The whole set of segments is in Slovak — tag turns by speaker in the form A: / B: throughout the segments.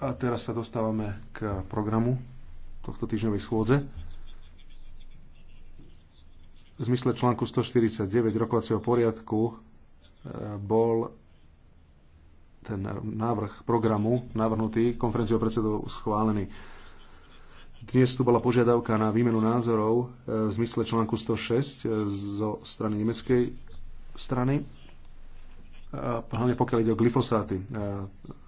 A: A teraz sa dostávame k programu tohto týždňovej schôdze. V zmysle článku 149 rokovacieho poriadku e, bol ten návrh programu navrhnutý konferenciou predsedov schválený. Dnes tu bola požiadavka na výmenu názorov e, v zmysle článku 106 e, zo strany nemeckej strany hlavne pokiaľ ide o glyfosáty,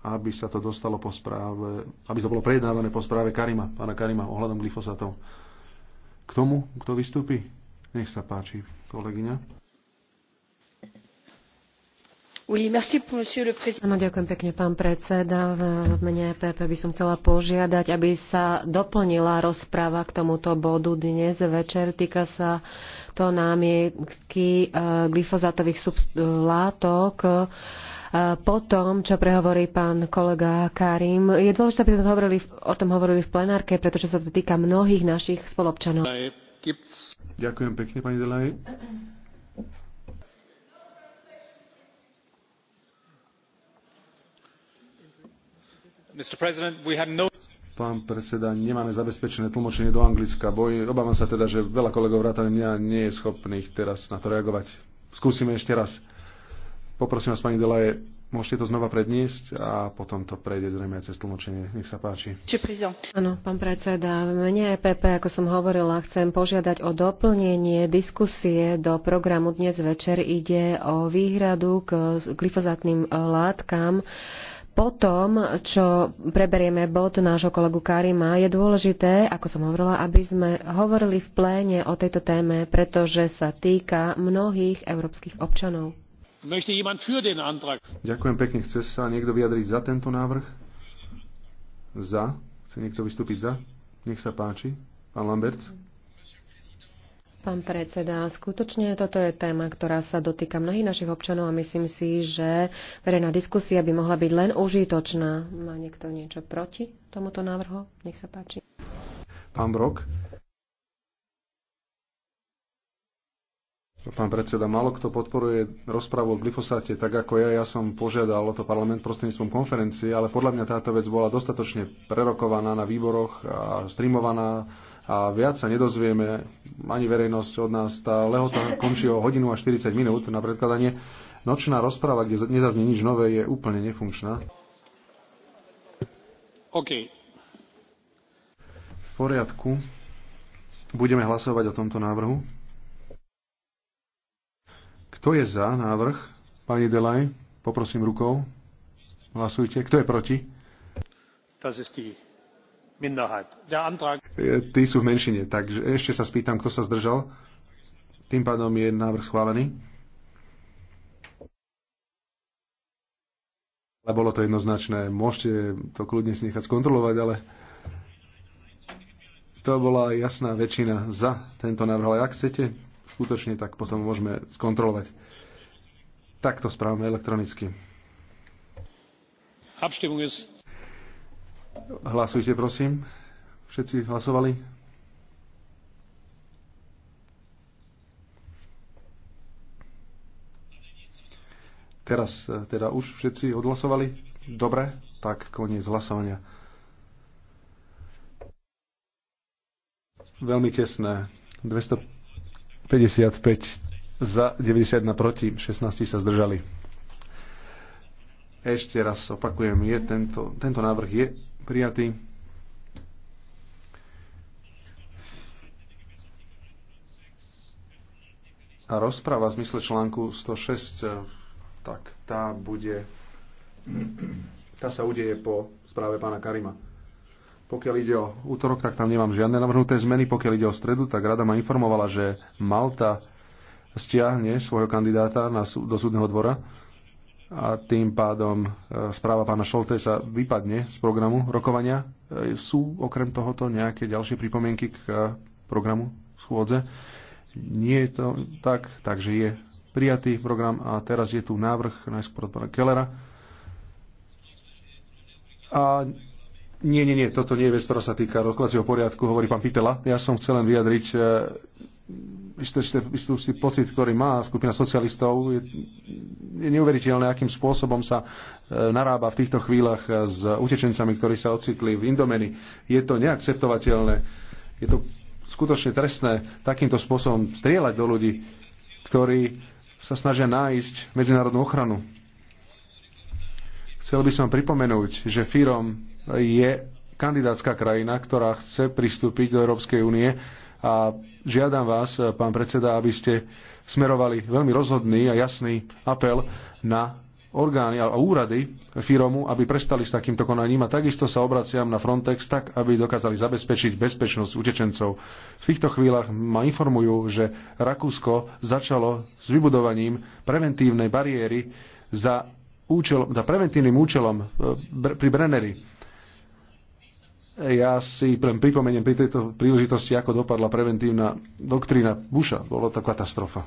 A: aby sa to dostalo po správe, aby to bolo prejednávané po správe Karima, pána Karima ohľadom glyfosátov. K tomu, kto vystúpi? Nech sa páči, kolegyňa
B: ďakujem pekne, pán predseda. V mene epp by som chcela požiadať, aby sa doplnila rozpráva k tomuto bodu dnes večer. Týka sa to námietky e, glyfozátových látok e, po tom, čo prehovorí pán kolega Karim. Je dôležité, aby sme o tom hovorili v plenárke, pretože sa to týka mnohých našich spolobčanov.
A: Ďakujem pekne, pani Delaj. No- pán predseda, nemáme zabezpečené tlmočenie do Anglicka. Boj, obávam sa teda, že veľa kolegov vrátane mňa nie je schopných teraz na to reagovať. Skúsime ešte raz. Poprosím vás, pani Delaje, môžete to znova predniesť a potom to prejde zrejme aj cez tlmočenie. Nech sa páči.
B: Áno, pán predseda, mene EPP, ako som hovorila, chcem požiadať o doplnenie diskusie do programu dnes večer. Ide o výhradu k glyfozátnym eh, látkam potom, čo preberieme bod nášho kolegu Karima, je dôležité, ako som hovorila, aby sme hovorili v pléne o tejto téme, pretože sa týka mnohých európskych občanov.
A: Ďakujem pekne. Chce sa niekto vyjadriť za tento návrh? Za? Chce niekto vystúpiť za? Nech sa páči. Pán Lamberts.
B: Pán predseda, skutočne toto je téma, ktorá sa dotýka mnohých našich občanov a myslím si, že verejná diskusia by mohla byť len užitočná. Má niekto niečo proti tomuto návrhu? Nech sa páči.
A: Pán Brok. Pán predseda, málo kto podporuje rozpravu o glyfosáte tak ako ja. Ja som požiadal o to parlament prostredníctvom konferencie, ale podľa mňa táto vec bola dostatočne prerokovaná na výboroch a streamovaná a viac sa nedozvieme, ani verejnosť od nás, tá lehota končí o hodinu a 40 minút na predkladanie. Nočná rozpráva, kde nezaznie nič nové, je úplne nefunkčná. OK. V poriadku. Budeme hlasovať o tomto návrhu. Kto je za návrh? Pani Delaj, poprosím rukou. Hlasujte. Kto je proti? Das ist die E, tí sú v menšine, takže ešte sa spýtam, kto sa zdržal. Tým pádom je návrh schválený. Ale bolo to jednoznačné. Môžete to kľudne si nechať skontrolovať, ale to bola jasná väčšina za tento návrh. Ale ak chcete, skutočne tak potom môžeme skontrolovať. Tak to správame elektronicky. Abstimmung ist Hlasujte, prosím. Všetci hlasovali? Teraz e, teda už všetci odhlasovali? Dobre, tak koniec hlasovania. Veľmi tesné. 255 za, 90 na proti, 16 sa zdržali. Ešte raz opakujem, je tento, tento návrh je Prijatý. A rozpráva v zmysle článku 106, eh, tak tá bude, tá sa udeje po správe pána Karima. Pokiaľ ide o útorok, tak tam nemám žiadne navrhnuté zmeny. Pokiaľ ide o stredu, tak rada ma informovala, že Malta stiahne svojho kandidáta na, do súdneho dvora a tým pádom e, správa pána Šoltesa vypadne z programu rokovania. E, sú okrem tohoto nejaké ďalšie pripomienky k e, programu schôdze? Nie je to tak, takže je prijatý program a teraz je tu návrh najskôr od pána Kellera. A nie, nie, nie, toto nie je vec, ktorá sa týka rokovacieho poriadku, hovorí pán Pitela. Ja som chcel len vyjadriť istý, pocit, ktorý má skupina socialistov. Je, je neuveriteľné, akým spôsobom sa e, narába v týchto chvíľach e, s utečencami, ktorí sa ocitli v Indomeni. Je to neakceptovateľné. Je to skutočne trestné takýmto spôsobom strieľať do ľudí, ktorí sa snažia nájsť medzinárodnú ochranu. Chcel by som pripomenúť, že FIROM je kandidátska krajina, ktorá chce pristúpiť do Európskej únie a žiadam vás, pán predseda, aby ste smerovali veľmi rozhodný a jasný apel na orgány a úrady firomu, aby prestali s takýmto konaním a takisto sa obraciam na Frontex tak, aby dokázali zabezpečiť bezpečnosť utečencov. V týchto chvíľach ma informujú, že Rakúsko začalo s vybudovaním preventívnej bariéry za, účel, za preventívnym účelom e, pri Brenneri ja si pripomeniem pri tejto príležitosti, ako dopadla preventívna doktrína Busha. Bolo to katastrofa.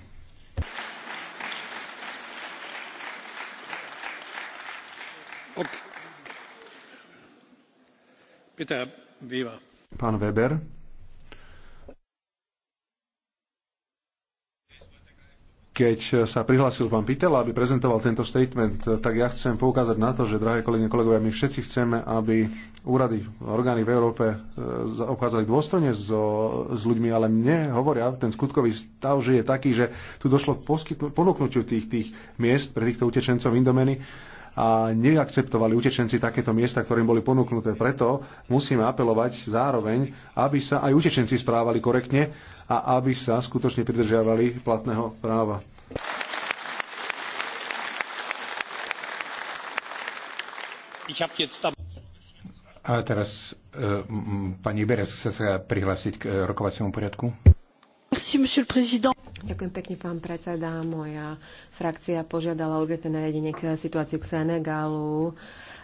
A: Okay. Pán Weber. keď sa prihlásil pán Pitela, aby prezentoval tento statement, tak ja chcem poukázať na to, že, drahé kolegyne, kolegovia, my všetci chceme, aby úrady, orgány v Európe e, obchádzali dôstojne so, s ľuďmi, ale mne hovoria, ten skutkový stav, že je taký, že tu došlo k ponúknutiu tých, tých miest pre týchto utečencov Indomeny a neakceptovali utečenci takéto miesta, ktoré im boli ponúknuté. Preto musíme apelovať zároveň, aby sa aj utečenci správali korektne a aby sa skutočne pridržiavali platného práva. A teraz e, pani Berez chce sa prihlásiť k e, rokovaciemu poriadku.
B: Merci, monsieur le président. Ďakujem pekne, pán predseda. Moja frakcia požiadala urgentné nariadenie k situáciu k Senegalu.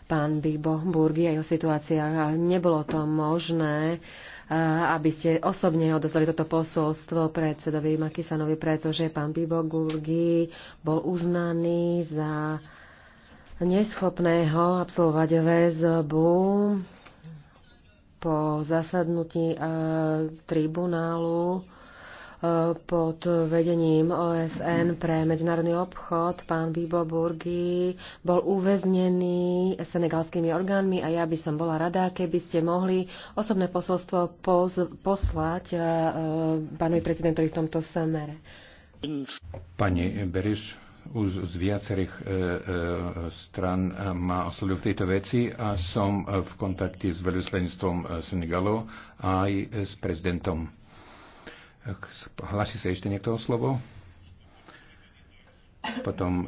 B: Pán Bibo Burgi a jeho situácia. Nebolo to možné eh, aby ste osobne odozdali toto posolstvo predsedovi Makisanovi, pretože pán Bibo Gurgi bol uznaný za neschopného absolvovať väzbu po zasadnutí eh, tribunálu pod vedením OSN pre medzinárodný obchod. Pán Bibo Burgi bol uväznený senegalskými orgánmi a ja by som bola rada, keby ste mohli osobné posolstvo poslať e, pánovi prezidentovi v tomto smere. Pani
A: Beriš, už z viacerých e, e, stran e, ma oslovil v tejto veci a som v kontakte s veľvyslanectvom e, Senegalu aj s prezidentom Hlási sa ešte niekto o slovo? Potom e,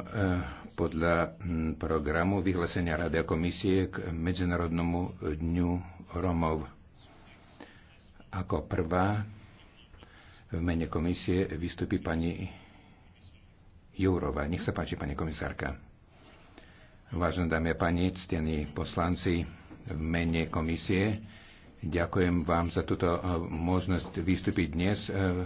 A: podľa programu vyhlásenia Rady a komisie k Medzinárodnomu dňu Romov. Ako prvá v mene komisie vystúpi pani Jourova. Nech sa páči, pani komisárka. Vážené dámy a páni, ctení poslanci, v mene komisie Ďakujem vám za túto eh, možnosť vystúpiť dnes. Eh,